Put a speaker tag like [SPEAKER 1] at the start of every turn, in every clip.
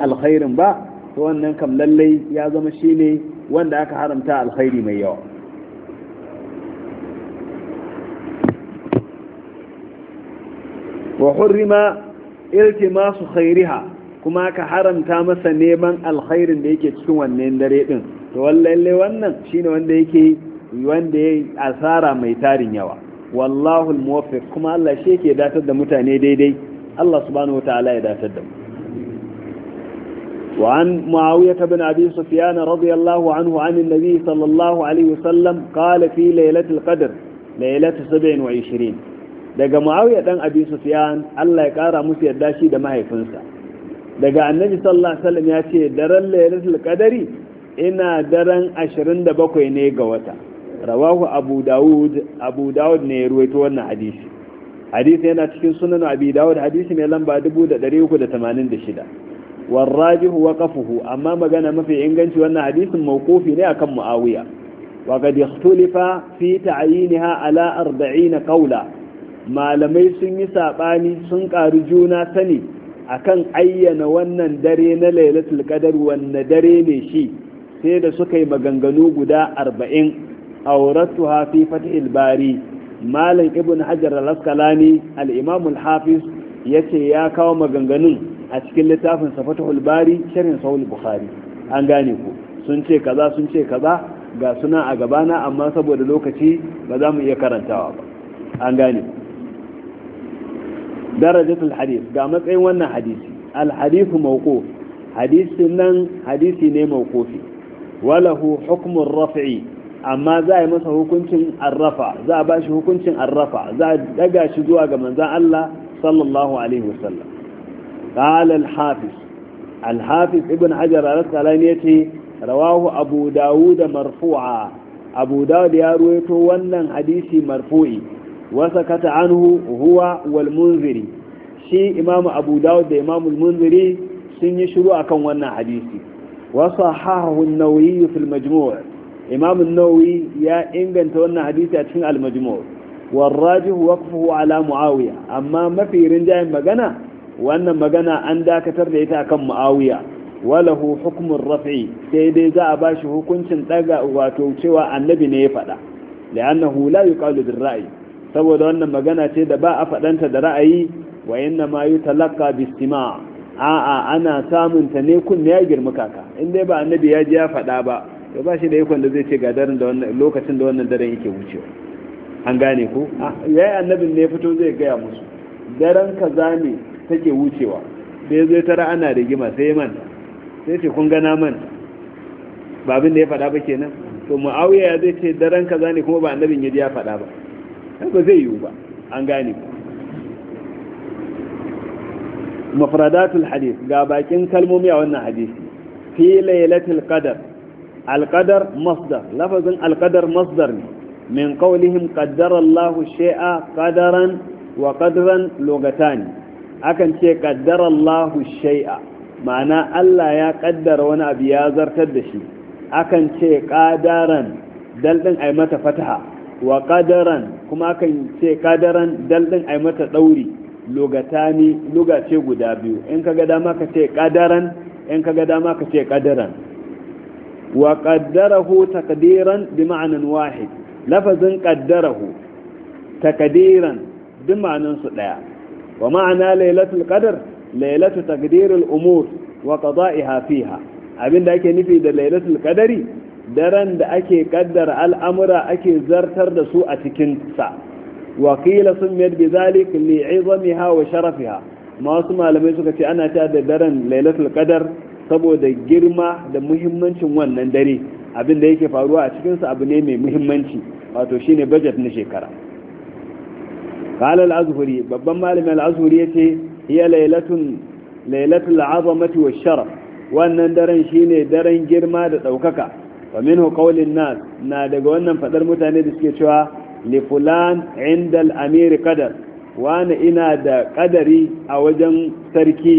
[SPEAKER 1] alkhairin ba to wannan kam lallai ya zama shine wanda aka haramta alkhairi mai yawa wa hurrima iltimasu khairiha kuma aka haramta masa neman alkhairin da yake cikin wannan dare din to lallai wannan shine wanda yake wanda yayi asara mai tarin yawa wallahu almuwaffiq kuma Allah shi yake datar da mutane daidai Allah subhanahu wataala ya datar da mu وعن معاوية بن أبي سفيان رضي الله عنه عن النبي صلى الله عليه وسلم قال في ليلة القدر ليلة سبع وعشرين daga Muawiya dan Abi Sufyan Allah ya kara musu yadda shi da mahaifinsa daga Annabi sallallahu alaihi wasallam ya ce daren Lailatul Qadari ina daren 27 ne ga wata rawahu Abu Dawud ne ya ruwaito wannan hadisi hadisi yana cikin sunan Abi Dawud hadisi mai lamba da 1386 والراجح وقفه أما ما مغانا ما في إنجنش وأن حديث موقوف كم معاوية وقد اختلف في تعيينها على أربعين قولا ما لم يسن يسعباني سنك أرجونا سني أكن أين وأن درين ليلة القدر وأن درين شي سيد سكي مغنغنوب دا أربعين أورثها في فتح الباري مالك ابن حجر الأسكالاني الإمام الحافظ yace ya kawo maganganun a cikin littafin safatahul bari sharhin sahul bukhari an gane ku sun ce kaza sun ce kaza ga suna a gabana amma saboda lokaci ba za mu iya karantawa ba an gane darajatul hadith ga matsayin wannan hadisi al hadith mawquf hadisi nan hadisi ne mawqufi walahu hukmun raf'i amma za a yi masa hukuncin arrafa za a bashi hukuncin arrafa za a daga shi zuwa ga manzon Allah sallallahu alaihi wasallam قال الحافظ الحافظ ابن حجر الاسقلاني يتي رواه ابو داود مرفوعا ابو داود يا رويته wannan hadisi marfu'i wasakata anhu huwa wal shi imam abu dawud da imam al sun yi shiru akan wannan hadisi wasahahu an-nawawi fil majmu' imam an ya inganta wannan hadisi a cikin al majmu' والراجح وقفه على معاوية أما ما في wannan magana an dakatar da ita akan muawiya walahu hukmun raf'i sai dai za a bashi hukuncin daga wato cewa annabi ne ya faɗa li'annahu la yuqalu bil ra'ayi. saboda wannan magana ce da ba a faɗanta da ra'ayi wa inna ma yutalaqqa bi istima' a'a ana samun ta ne ne ya girma kaka in dai ba annabi ya ji ya faɗa ba to ba shi da ikon da zai ce ga daren da wannan lokacin da wannan daren yake wucewa an gane ku? Ah, yayi annabin ne ya fito zai gaya musu daren kaza ne take wucewa sai zai tara ana rigima sai man sai ce kun gana man ba abin da ya faɗa ba kenan to mu'awiya ya zai ce daren ka zane kuma ba annabin ya ji ya faɗa ba Sai ba zai yiwu ba an gane ku mafradatul hadith ga bakin kalmomi a wannan hadisi fi lailatul qadar alqadar masdar lafazin alqadar masdar ne min qawlihim qaddara Allahu shay'a qadaran wa qadran lugatani akan ce qaddarallahu shay'a ma'ana Allah ya kaddara wani abu ya zartar da shi akan ce qadaran dal din ay mata fataha wa qadaran kuma akan ce qadaran dal din ay mata dauri lugatani lugace guda biyu in kaga dama ka ce qadaran in kaga dama ka ce qadaran wa qaddarahu taqdiran bi ma'anan wahid lafazin qaddarahu taqdiran bi ma'anin su daya wa ma'ana lailatul qadar lailatu taqdiril umur wa qada'iha fiha abinda ake nufi da lailatul qadari daren da ake kaddara al'amura ake zartar da su a cikin sa wa qila summiyat bi zalik li'izamiha wa sharafiha ma wasu malamai suka ce ana ta da daren lailatul qadar saboda girma da muhimmancin wannan dare abin da yake faruwa a cikinsa abu ne mai muhimmanci wato shine budget na shekara fa'ala la'azurri babban malamar la'azurri ya ce iya laylanta la'abu mati wa shara wannan daren shine daren girma da ɗaukaka komenhau kawlin nas na daga wannan fadar mutane da suke shawarar lifulan indal amir kadar wana ina da kadari a wajen sarki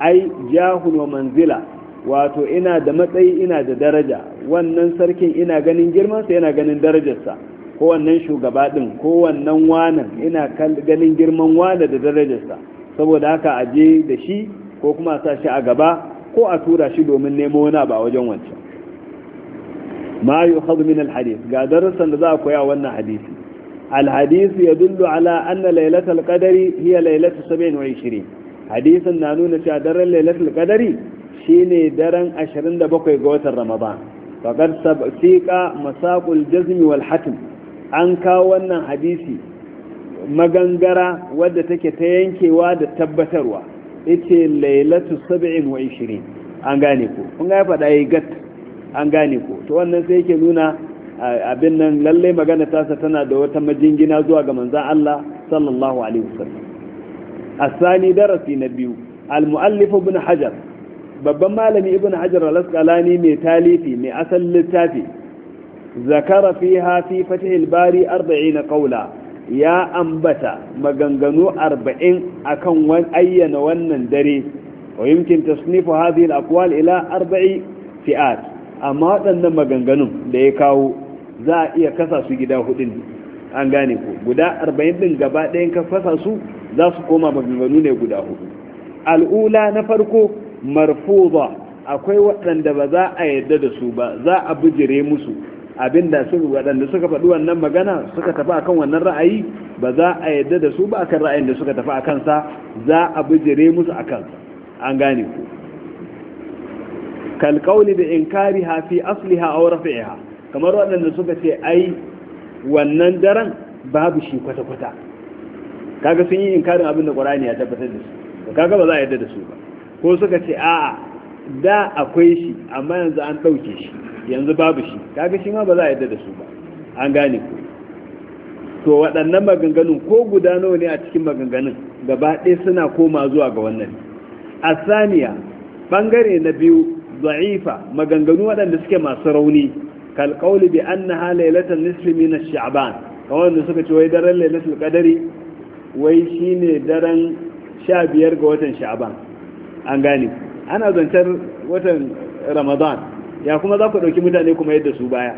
[SPEAKER 1] i jahun wa manzila wato ina da matsayi ina da daraja wannan sarkin ina ganin girmansa ina ganin darajarsa. ko shugaba din ko wanan ina ganin girman wana da darajarsa saboda haka a je da shi ko kuma sa shi a gaba ko a tura shi domin nemo wani ba wajen wancan ma yi ukhadu min alhadith ga darasan da za a koya wannan hadisi alhadith ya dullu ala anna lailatul qadari hiya lailatul 27 hadisin na nuna cewa daren lailatul qadari shine daren 27 ga watan ramadan faqad sabqa masaqul jazmi wal hatm an kawo wannan hadisi magangara wadda take ta yankewa da tabbatarwa ita lailatu 27 an gane ku kun ga faɗa yi gat an gane ku to wannan sai yake nuna abin nan lalle magana tasa tana da wata majingina zuwa ga manzan Allah sallallahu alaihi wasallam asani darasi na biyu al ibn hajar babban malami ibn hajar al-asqalani mai talifi mai asalin littafi zakara fi hafi فتح الباري أربعين قولا ya ambata maganganu أربعين akan wan ayyana wannan dare wa yumkin tasnifu hadhihi al ila arba'i fi'at amma waɗannan maganganun da ya kawo za a iya gida an gane ku guda 40 din gaba ɗayan ka koma maganganu ne guda hudu al'ula na farko marfuza akwai waɗanda ba za a yadda da su ba za a bijire musu da su waɗanda suka faɗi wannan magana suka tafi akan wannan ra'ayi ba za a yadda da su ba akan ra'ayin da suka tafi akan sa za a bijire musu akan an gane ku kal qawli bi inkariha fi asliha aw rafi'iha kamar waɗanda suka ce ai wannan daren babu shi kwata kwata kaga sun yi inkarin abin da Qur'ani ya tabbatar da su kaga ba za a yadda da su ba ko suka ce a'a da akwai shi amma yanzu an dauke shi yanzu babu shi kaga shi ma ba za a yadda da su ba an gane ku to waɗannan maganganun ko guda nawa ne a cikin maganganun gaba ɗaya suna koma zuwa ga wannan a saniya ɓangare na biyu za'ifa maganganu waɗanda suke masu rauni kalƙauli bi an na halailatan nisfi min sha'ban kawai suka ce wai daren lailatul qadari wai shine daren sha biyar ga watan sha'ban an gane ana zantar watan ramadan ya kuma za ku ɗauki mutane kuma yadda su baya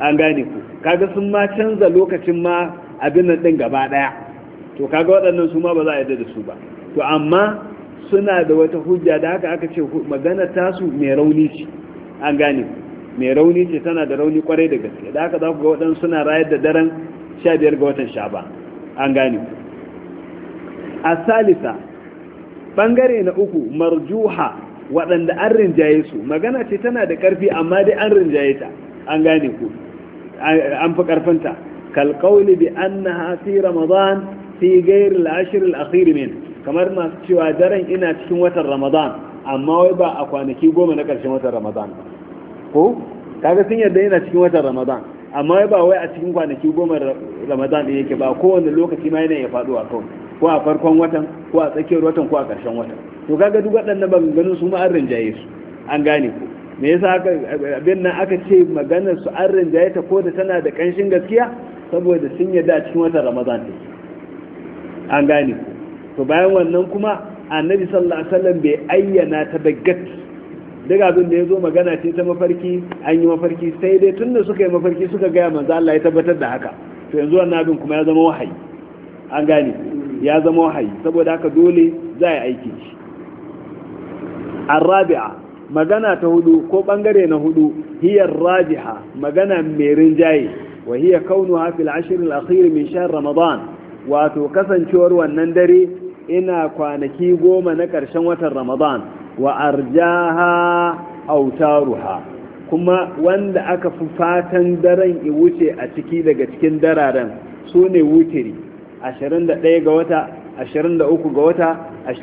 [SPEAKER 1] an gane ku kaga sun ma canza lokacin ma abin nan ɗin gaba ɗaya to kaga waɗannan su ma ba za a yadda da su ba to amma suna da wata hujja da haka aka ce magana tasu mai rauni ce an gane ku mai rauni ce tana da rauni kwarai da gaske da haka za ku ga waɗansu suna rayar da daren sha biyar ga watan ba an gane ku a salisa bangare na uku marjuha waɗanda an rinjaye su magana ce tana da ƙarfi amma dai an rinjaye ta an gane ku an fi ƙarfinta kalƙauli bi na fi ramadan fi gairi al-ashr min kamar masu cewa daren ina cikin watan ramadan amma wai ba a kwanaki goma na ƙarshen watan ramadan ko kaga sun yarda yana cikin watan ramadan amma wai ba wai a cikin kwanaki goma ramadan ɗin yake ba kowane lokaci ma yana ya a kawai ko a farkon watan ko a tsakiyar watan ko a ƙarshen watan to kaga duk waɗannan ganin su ma an rinjaye su an gane ku me yasa aka abin nan aka ce maganar su an rinjaye ta ko da tana da kanshin gaskiya saboda sun yarda a cikin watan ramadan ne an gane ku to bayan wannan kuma annabi sallallahu alaihi wasallam bai ayyana ta da gaskiya duk abin da ya zo magana ce ta mafarki an yi mafarki sai dai tun da suka yi mafarki suka gaya manzo Allah ya tabbatar da haka to yanzu wannan abin kuma ya zama wahayi an gane ya zama wahayi saboda haka dole za a yi aiki shi Rabi'a magana ta hudu ko bangare na hudu, hiyar rajiha magana mai rinjaye, wa hiyar kaunu hafil ashirin akhiri min Ramadan, wato kasancewar wannan dare ina kwanaki goma na ƙarshen watan Ramadan, wa arjaha autaruha, kuma wanda aka fi fatan daren i wuce a ciki daga cikin dararen sune ne wutiri, 21 ga wata, 23 ga wata,